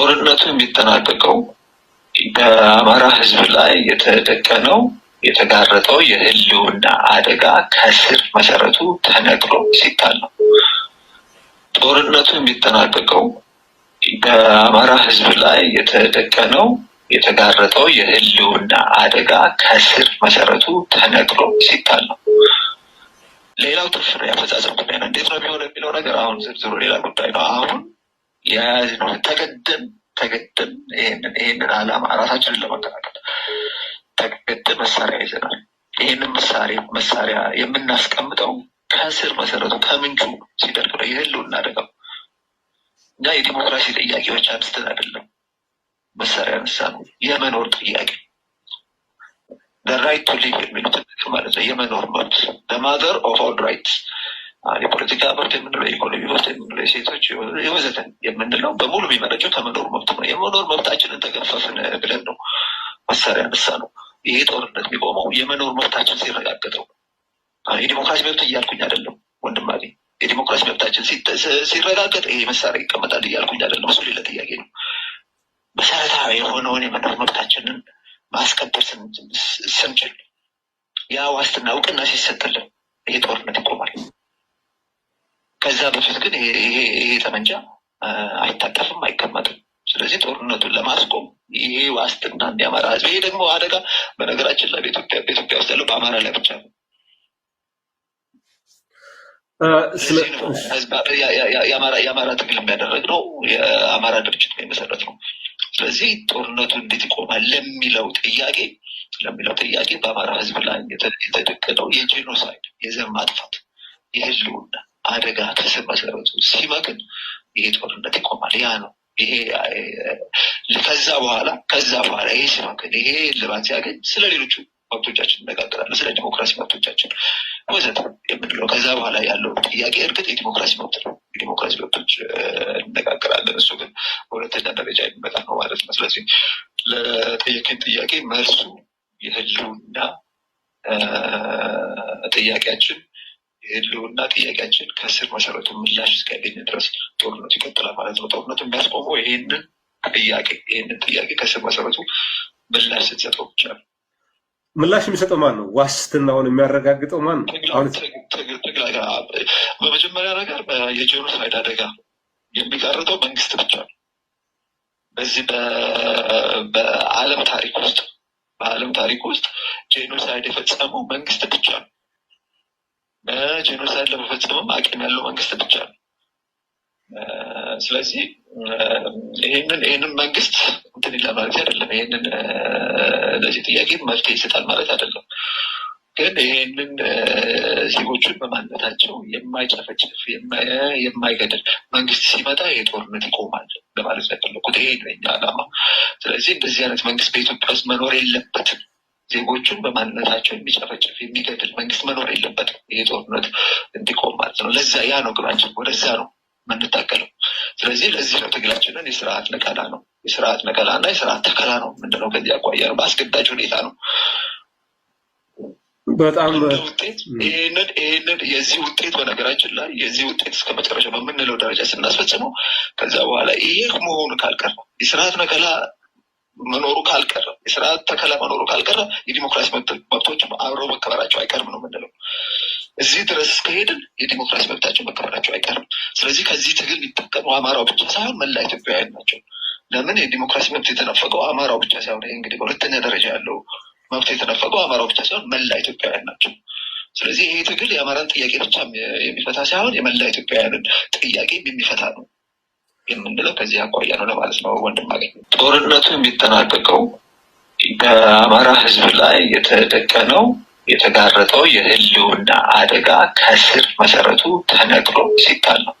ጦርነቱ የሚጠናቀቀው በአማራ ህዝብ ላይ የተደቀነው የተጋረጠው የህልውና አደጋ ከስር መሰረቱ ተነቅሎ ሲጣል ነው። ጦርነቱ የሚጠናቀቀው በአማራ ህዝብ ላይ የተደቀነው የተጋረጠው የህልውና አደጋ ከስር መሰረቱ ተነቅሎ ሲጣል ነው። ሌላው ትርፍ ነው። ያፈጻጸም ጉዳይ ነው። እንዴት ነው የሚሆነው የሚለው ነገር አሁን ዝርዝሩ ሌላ ጉዳይ ነው። አሁን የያዝነው ተገደም ተገደም ይሄንን ይሄንን ዓላማ ራሳችንን ለመከላከል ተገደም መሳሪያ ይዘናል። ይህንን መሳሪያ መሳሪያ የምናስቀምጠው ከስር መሰረቱ ከምንጩ ሲደርግ ነው። ይህሉ አደጋው እና የዲሞክራሲ ጥያቄዎች አንስተን አይደለም መሳሪያ ነሳ ነው የመኖር ጥያቄ ራይት ቱ ሊቭ የሚሉት ማለት ነው የመኖር መብት ለማዘር ኦፍ ኦል ራይትስ የፖለቲካ መብት የምንለው የኢኮኖሚ መብት የምንለው የሴቶች የወዘተ የምንለው በሙሉ የሚመረጨው ከመኖር መብት ነው። የመኖር መብታችንን ተገፈፍን ብለን ነው መሳሪያ ነሳ ነው። ይሄ ጦርነት የሚቆመው የመኖር መብታችን ሲረጋገጠው የዲሞክራሲ መብት እያልኩኝ አይደለም ወንድማ የዲሞክራሲ መብታችን ሲረጋገጥ ይሄ መሳሪያ ይቀመጣል እያልኩኝ አይደለም። እሱ ሌላ ጥያቄ ነው። መሰረታዊ የሆነውን የመኖር መብታችንን ማስከበር ስንችል ያ ዋስትና እውቅና ሲሰጥልን ይሄ ጦርነት ከዛ በፊት ግን ይሄ ጠመንጃ አይታጠፍም፣ አይቀመጥም። ስለዚህ ጦርነቱን ለማስቆም ይሄ ዋስትና እንዲያመራ ህዝብ ይሄ ደግሞ አደጋ በነገራችን ላይ በኢትዮጵያ ውስጥ ያለው በአማራ ላይ ብቻ ነው። የአማራ ትግል የሚያደረግ ነው የአማራ ድርጅት የመሰረት ነው። ስለዚህ ጦርነቱ እንዴት ይቆማል ለሚለው ጥያቄ ለሚለው ጥያቄ በአማራ ህዝብ ላይ የተደቀነው የጄኖሳይድ የዘር ማጥፋት የህልውና አደጋ ከስር መሰረቱ ሲመክን ይሄ ጦርነት ይቆማል። ያ ነው ይሄ ከዛ በኋላ ከዛ በኋላ ይሄ ሲመክን ይሄ ልባት ሲያገኝ ስለ ሌሎቹ መብቶቻችን እነጋገራለን። ስለ ዲሞክራሲ መብቶቻችን መሰት የምንለው ከዛ በኋላ ያለው ጥያቄ እርግጥ የዲሞክራሲ መብት ነው። የዲሞክራሲ መብቶች እነጋገራለን። እሱ ግን በሁለተኛ ደረጃ የሚመጣ ነው ማለት ነው። ስለዚህ ለጠየቅን ጥያቄ መልሱ የህልውና ጥያቄያችን ህልውና ጥያቄያችን ከስር መሰረቱ ምላሽ እስኪያገኝ ድረስ ጦርነቱ ይቀጥላል ማለት ነው። ጦርነቱ የሚያስቆመው ይህንን ጥያቄ ይህንን ጥያቄ ከስር መሰረቱ ምላሽ ስትሰጠው ብቻ ነው። ምላሽ የሚሰጠው ማን ነው? ዋስትናውን የሚያረጋግጠው ማን ነው? በመጀመሪያ ነገር የጄኖሳይድ አደጋ የሚቀርጠው መንግስት ብቻ ነው። በዚህ በዓለም ታሪክ ውስጥ በዓለም ታሪክ ውስጥ ጄኖሳይድ የፈጸመው መንግስት ብቻ ነው። ጄኖሳይድ ለመፈጸምም አቅም ያለው መንግስት ብቻ ነው። ስለዚህ ይህንን ይህንን መንግስት እንትን ይላል ማለት አይደለም። ይህንን ለዚህ ጥያቄ መፍትሄ ይሰጣል ማለት አይደለም። ግን ይህንን ዜጎቹን በማንነታቸው የማይጨፈጭፍ የማይገድል መንግስት ሲመጣ የጦርነት ይቆማል ለማለት ነው ይሄ ነው የኛ ስለዚህ እንደዚህ አይነት መንግስት በኢትዮጵያ ውስጥ መኖር የለበትም። ዜጎችን በማንነታቸው የሚጨፈጭፍ የሚገድል መንግስት መኖር የለበትም። ይህ ጦርነት እንዲቆም ማለት ነው። ለዛ ያ ነው ግባችን፣ ወደዛ ነው የምንታገለው። ስለዚህ ለዚህ ነው ትግላችንን የስርዓት ነቀላ ነው የስርዓት ነቀላ እና የስርዓት ተከላ ነው ምንድነው። ከዚህ አኳያ ነው በአስገዳጅ ሁኔታ ነው በጣም ይህንን ይህንን የዚህ ውጤት በነገራችን ላይ የዚህ ውጤት እስከ መጨረሻ በምንለው ደረጃ ስናስፈጽመው ከዛ በኋላ ይህ መሆኑ ካልቀር ነው የስርዓት ነቀላ መኖሩ ካልቀረ የስርዓት ተከላ መኖሩ ካልቀረ የዲሞክራሲ መብቶች አብረው መከበራቸው አይቀርም ነው ምንለው እዚህ ድረስ እስከሄድን የዲሞክራሲ መብታቸው መከበራቸው አይቀርም። ስለዚህ ከዚህ ትግል የሚጠቀሙ አማራው ብቻ ሳይሆን መላ ኢትዮጵያውያን ናቸው። ለምን የዲሞክራሲ መብት የተነፈቀው አማራው ብቻ ሳይሆን ይህ እንግዲህ በሁለተኛ ደረጃ ያለው መብት የተነፈቀው አማራው ብቻ ሳይሆን መላ ኢትዮጵያውያን ናቸው። ስለዚህ ይሄ ትግል የአማራን ጥያቄ ብቻ የሚፈታ ሳይሆን የመላ ኢትዮጵያውያንን ጥያቄ የሚፈታ ነው። የምንለው ከዚህ አኳያ ነው ለማለት ነው። ወንድም አገኝ ጦርነቱ የሚጠናቀቀው በአማራ ህዝብ ላይ የተደቀነው የተጋረጠው የህልውና አደጋ ከስር መሰረቱ ተነቅሎ ሲጣል ነው።